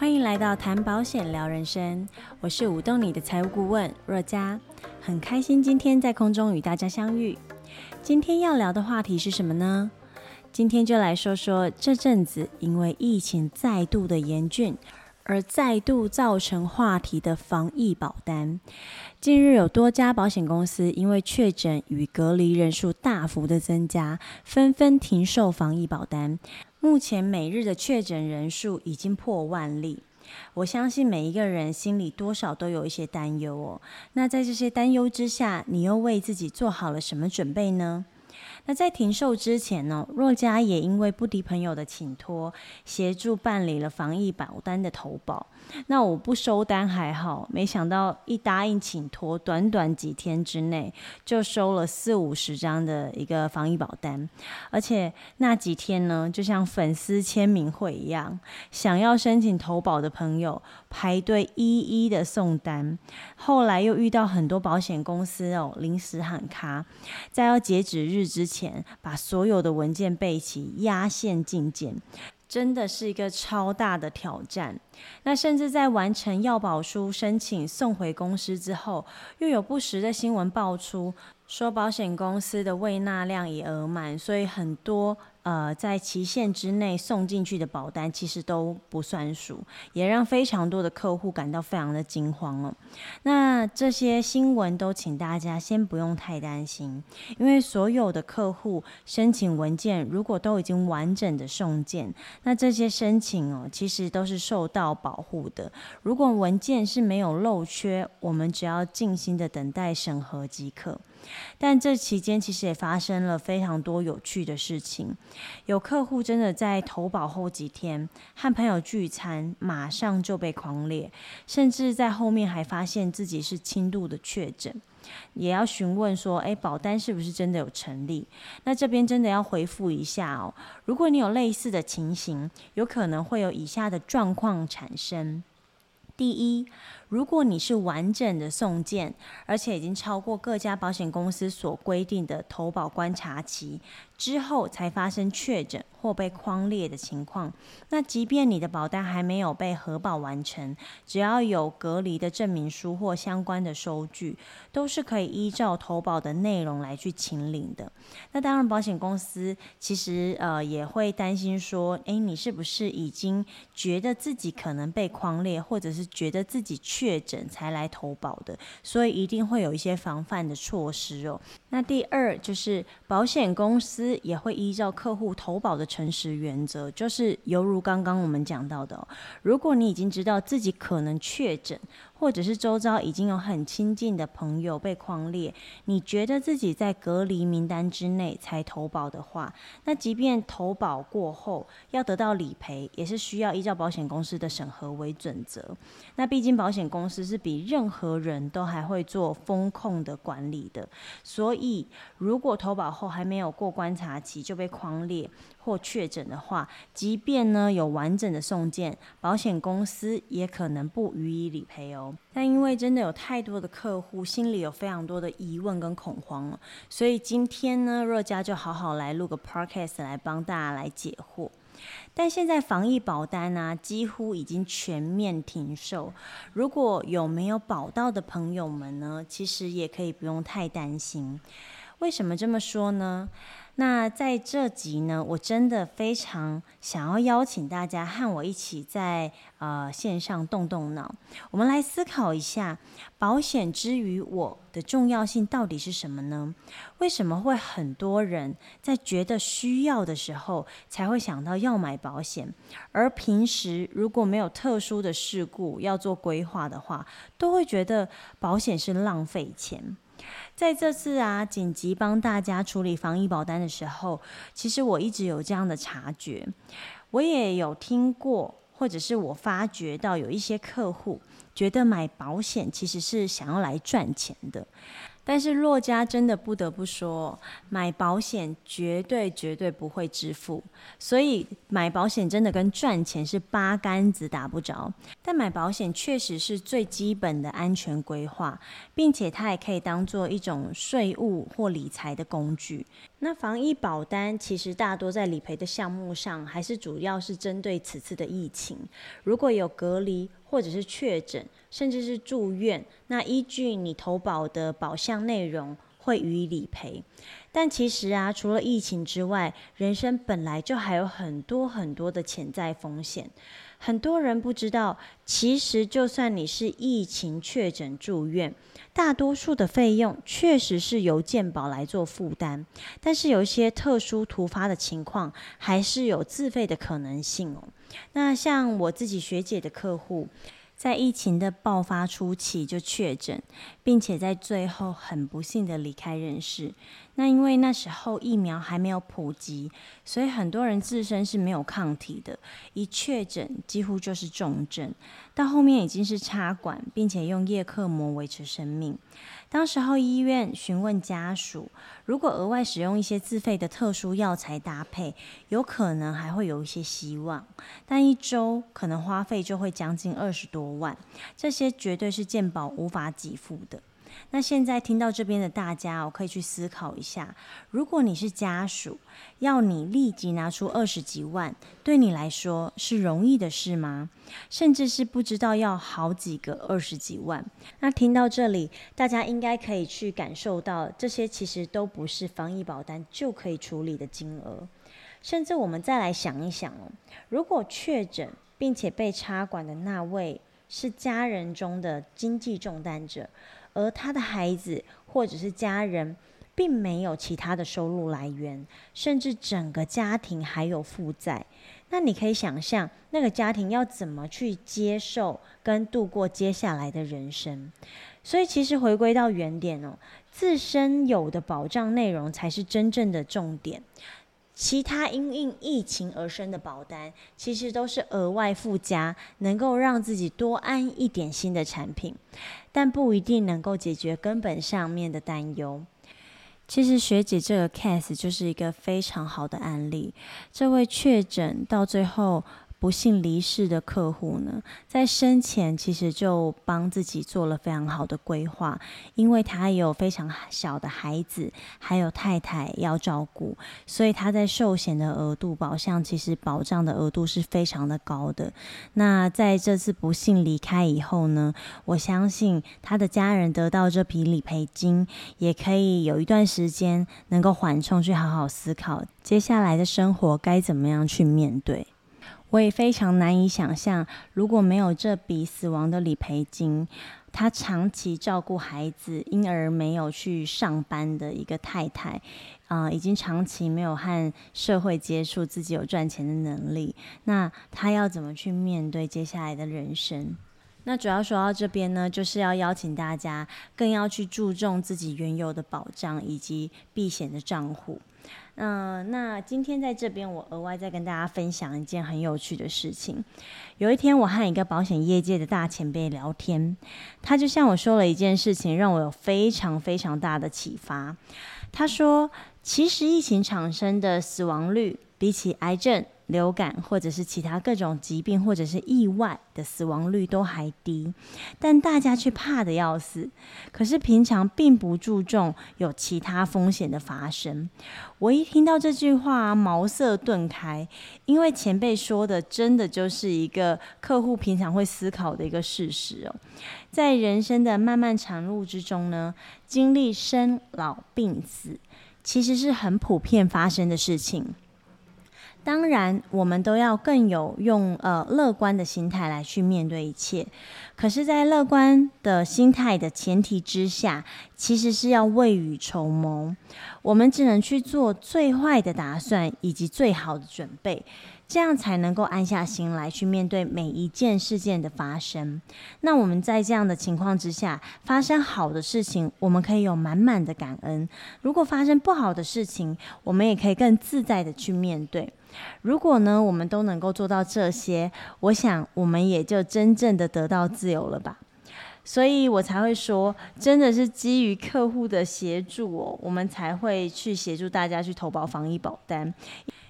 歡迎來到談保險聊人生，我是舞動你的財務顧問若家。很開心今天在空中與大家相遇。今天要聊的話題是什麼呢？今天就來說說這陣子因為疫情再度的嚴峻。而再度造成話題的防疫保單，近日有多家保險公司因為確診與隔離人數大幅的增加，紛紛停售防疫保單。目前每日的確診人數已經破萬例，我相信每一個人心裡多少都有一些擔憂哦。那在這些擔憂之下，你又為自己做好了什麼準備呢？那在停售之前呢，若家也因為不敵朋友的請托，協助辦理了防疫保單的投保。那我不收單還好，沒想到一答應請托，短短幾天之內就收了四五十張的一個防疫保單，而且那幾天呢，就像粉絲簽名會一樣，想要申請投保的朋友。排隊一一的送單，後來又遇到很多保險公司哦臨時喊卡，在要截止日之前把所有的文件備齊壓線進件，真的是一個超大的挑戰。那甚至在完成要保書申請送回公司之後，又有不實的新聞爆出。說保險公司的未納量已額滿，所以很多呃在期限之內送進去的保單其實都不算數，也讓非常多的客戶感到非常的驚慌哦，那這些新聞都請大家先不用太擔心，因為所有的客戶申請文件如果都已經完整的送件，那這些申請哦其實都是受到保護的。如果文件是沒有漏缺，我們只要靜心的等待審核即可。但這期間其實也發生了非常多有趣的事情，有客戶真的在投保後幾天和朋友聚餐，馬上就被匡列，甚至在後面還發現自己是輕度的確診，也要詢問說，哎，保單是不是真的有成立？那這邊真的要回復一下哦，如果你有類似的情形，有可能會有以下的狀況產生。第一，如果你是完整的送件，而且已經超過各家保險公司所規定的投保觀察期。之後才發生確診或被匡列的情況，那即便你的保單還沒有被核保完成，只要有隔離的證明書或相關的收據，都是可以依照投保的內容來去請領的。那當然，保險公司其實呃也會擔心說，誒，你是不是已經覺得自己可能被匡列，或者是覺得自己確診才來投保的？所以一定會有一些防範的措施哦。那第二就是保險公司。也會依照客戶投保的誠實原則，就是猶如剛剛我們講到的，如果你已經知道自己可能確診。或者是周遭已經有很親近的朋友被框列，你覺得自己在隔離名單之內才投保的話，那即便投保過後要得到理賠，也是需要依照保險公司的審核為準則。那畢竟保險公司是比任何人都還會做風控的管理的，所以如果投保後還沒有過觀察期就被框列或確診的話，即便呢有完整的送件，保險公司也可能不予以理賠哦。但因為真的有太多的客戶心裡有非常多的疑問跟恐慌了，所以今天呢，若家就好好來錄個 podcast 來幫大家來解惑。但現在防疫保單呢、啊，幾乎已經全面停售。如果有沒有保到的朋友們呢，其實也可以不用太擔心。為什麼這麼說呢？那在這集呢，我真的非常想要邀請大家和我一起在呃線上動動腦，我們來思考一下保險之於我的重要性到底是什麼呢？為什麼會很多人在覺得需要的時候才會想到要買保險，而平時如果沒有特殊的事故要做規劃的話，都會覺得保險是浪費錢。在這次啊，緊急幫大家處理防疫保單的時候，其實我一直有這樣的察覺，我也有聽過，或者是我發覺到有一些客戶覺得買保險其實是想要來賺錢的。但是，若家真的不得不說，買保險絕對絕對不會致富。所以買保險真的跟賺錢是八竿子打不着。但買保險確實是最基本的安全規劃，並且它也可以當做一種稅務或理財的工具。那防疫保單其實大多在理賠的項目上，還是主要是針對此次的疫情。如果有隔離或者是確診，甚至是住院，那依據你投保的保項內容。會予以理賠，但其實啊，除了疫情之外，人生本來就還有很多很多的潛在風險。很多人不知道，其實就算你是疫情確診住院，大多數的費用確實是由健保來做負擔，但是有一些特殊突發的情況，還是有自費的可能性哦。那像我自己學姐的客戶，在疫情的爆發初期就確診，並且在最後很不幸的離開人世。那因為那時候疫苗還沒有普及，所以很多人自身是沒有抗體的，一確診幾乎就是重症，到後面已經是插管，並且用葉克膜維持生命。當時候醫院詢問家屬，如果額外使用一些自費的特殊藥材搭配，有可能還會有一些希望，但一週可能花費就會將近二十多萬。萬。這些絕對是健保無法給付的。那現在聽到這邊的大家，我可以去思考一下：如果你是家屬，要你立即拿出二十幾萬，對你來說是容易的事嗎？甚至是不知道要好幾個二十幾萬。那聽到這裡，大家應該可以去感受到，這些其實都不是防疫保單就可以處理的金額。甚至我們再來想一想哦，如果確診並且被插管的那位。是家人中的經濟重擔者，而他的孩子或者是家人，並沒有其他的收入來源，甚至整個家庭還有負債。那你可以想象，那個家庭要怎麼去接受跟度過接下來的人生？所以，其實回歸到原點哦，自身有的保障內容才是真正的重點。其他因應疫情而生的保單，其實都是額外附加，能夠讓自己多安一點心的產品，但不一定能夠解決根本上面的擔憂。其實學姐這個 case 就是一個非常好的案例，這位確診到最後。不幸離世的客戶呢，在生前其實就幫自己做了非常好的規劃，因為他有非常小的孩子，還有太太要照顧，所以他在壽險的額度保障其實保障的額度是非常的高的。那在這次不幸離開以後呢，我相信他的家人得到這筆理賠金，也可以有一段時間能夠緩衝，去好好思考接下來的生活該怎麼樣去面對。我也非常難以想象，如果沒有這筆死亡的理賠金，他長期照顧孩子，因而沒有去上班的一個太太，啊、呃，已經長期沒有和社會接觸，自己有賺錢的能力，那他要怎麼去面對接下來的人生？那主要說到這邊呢，就是要邀請大家更要去注重自己原有的保障以及避險的賬戶。嗯、呃，那今天在這邊，我額外再跟大家分享一件很有趣的事情。有一天，我和一個保險業界的大前輩聊天，他就向我說了一件事情，讓我有非常非常大的啟發。他說，其實疫情產生的死亡率，比起癌症，流感、或者是其他各種疾病，或者是意外的死亡率都還低，但大家卻怕得要死。可是平常並不注重有其他風險的發生。我一聽到這句話啊，茅塞頓開，因為前輩說的真的就是一個客戶平常會思考的一個事實哦。在人生的漫漫長路之中呢，經歷生老病死，其實是很普遍發生的事情。當然，我們都要更有用呃、樂觀的心態來去面對一切。可是，在樂觀的心態的前提之下，其實是要未雨綢繆。我們只能去做最壞的打算，以及最好的準備，這樣才能夠安下心來去面對每一件事件的發生。那我們在這樣的情況之下，發生好的事情，我們可以有滿滿的感恩；如果發生不好的事情，我們也可以更自在的去面對。如果呢，我們都能夠做到這些，我想我們也就真正的得到自。有了吧？所以我才會說，真的是基於客戶的協助，哦，我們才會去協助大家去投保防疫保單，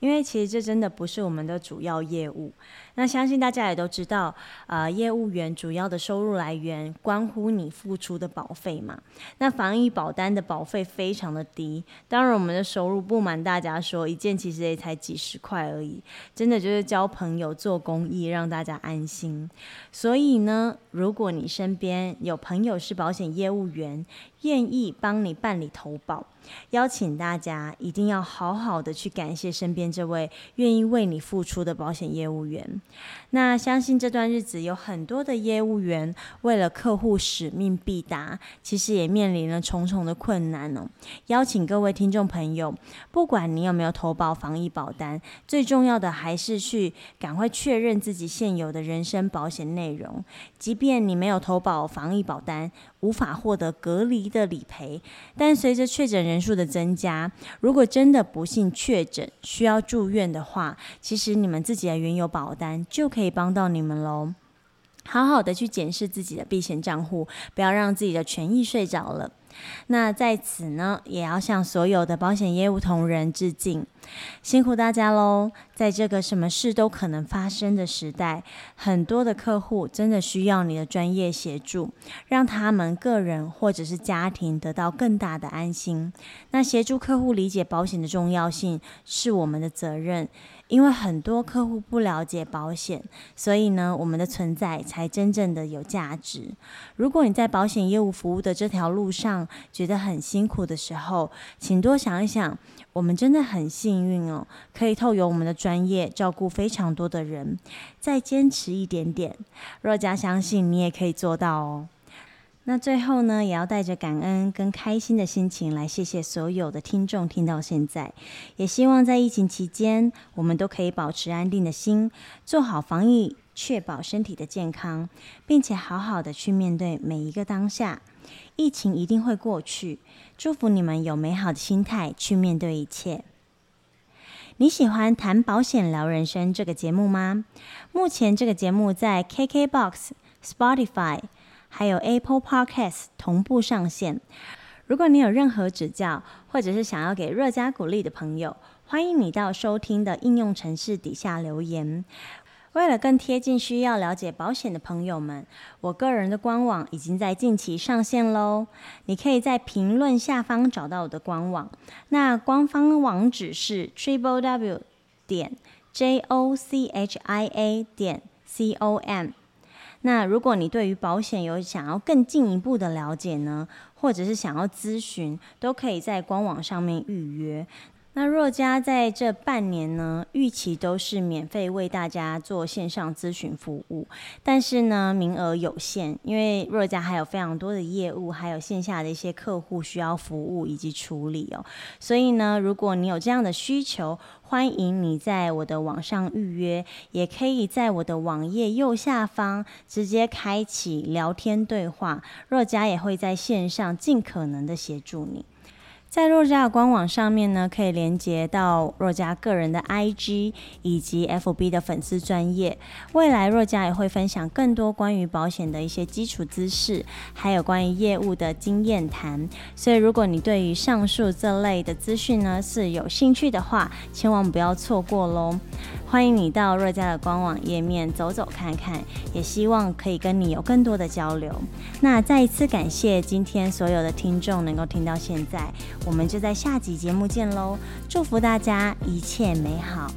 因為其實這真的不是我們的主要業務。那相信大家也都知道，呃，業務員主要的收入來源關乎你付出的保費嘛。那防疫保單的保費非常的低，當然我們的收入不瞞大家說，一件其實也才幾十塊而已，真的就是交朋友、做公益，讓大家安心。所以呢，如果你身邊有朋友是保險業務員，願意幫你辦理投保，邀請大家一定要好好的去感謝身邊這位願意為你付出的保險業務員。那相信這段日子有很多的業務員為了客戶使命必達，其實也面臨了重重的困難哦。邀請各位聽眾朋友，不管你有沒有投保防疫保單，最重要的還是去趕快確認自己現有的人身保險內容，即便你沒有投保防疫保單。無法獲得隔離的理賠，但隨着確診人數的增加，如果真的不幸確診需要住院的話，其實你們自己的原有保單就可以幫到你們咯。好好的去檢視自己的避險賬戶，不要讓自己的權益睡着了。那在此呢，也要向所有的保險業務同仁致敬，辛苦大家嘍！在這個什麼事都可能發生的時代，很多的客戶真的需要你的專業協助，讓他們個人或者是家庭得到更大的安心。那協助客戶理解保險的重要性，是我們的責任。因為很多客戶不了解保險，所以呢，我們的存在才真正的有價值。如果你在保險業務服務的這條路上覺得很辛苦的時候，請多想一想，我們真的很幸運哦，可以透過我們的專業照顧非常多的人。再堅持一點點，若家相信你也可以做到哦。那最後呢，也要帶着感恩跟開心的心情來謝謝所有的聽眾聽到現在。也希望在疫情期間，我們都可以保持安定的心，做好防疫，確保身體的健康，並且好好的去面對每一個當下。疫情一定會過去，祝福你們有美好的心態去面對一切。你喜歡談保險聊人生這個節目嗎？目前這個節目在 KKBOX、Spotify，還有 Apple Podcast 同步上線。如果你有任何指教，或者是想要給若家鼓勵的朋友，歡迎你到收聽的應用程式底下留言。為了更貼近需要了解保險的朋友們，我個人的官網已經在近期上線嘍。你可以在評論下方找到我的官網。那官方網址是 Triple W 點 jochia 點 com。那如果你對於保險有想要更進一步的了解呢，或者是想要諮詢，都可以在官網上面預約。那若家在這半年呢，預期都是免費為大家做線上諮詢服務，但是呢，名額有限，因為若家還有非常多的業務，還有線下的一些客戶需要服務以及處理哦。所以呢，如果你有這樣的需求，歡迎你在我的網上預約，也可以在我的網頁右下方直接開啟聊天對話，若家也會在線上盡可能的協助你。在若家的官網上面呢，可以連接到若家個人的 IG 以及 FB 的粉絲專頁。未來若家也會分享更多關於保險的一些基礎知識，還有關於業務的經驗談。所以，如果你對於上述這類的資訊呢是有興趣的話，千萬不要錯過嘍！歡迎你到若家的官網頁面走走看看，也希望可以跟你有更多的交流。那再一次感謝今天所有的聽眾能夠聽到現在。我們就在下集節目見嘍，祝福大家一切美好。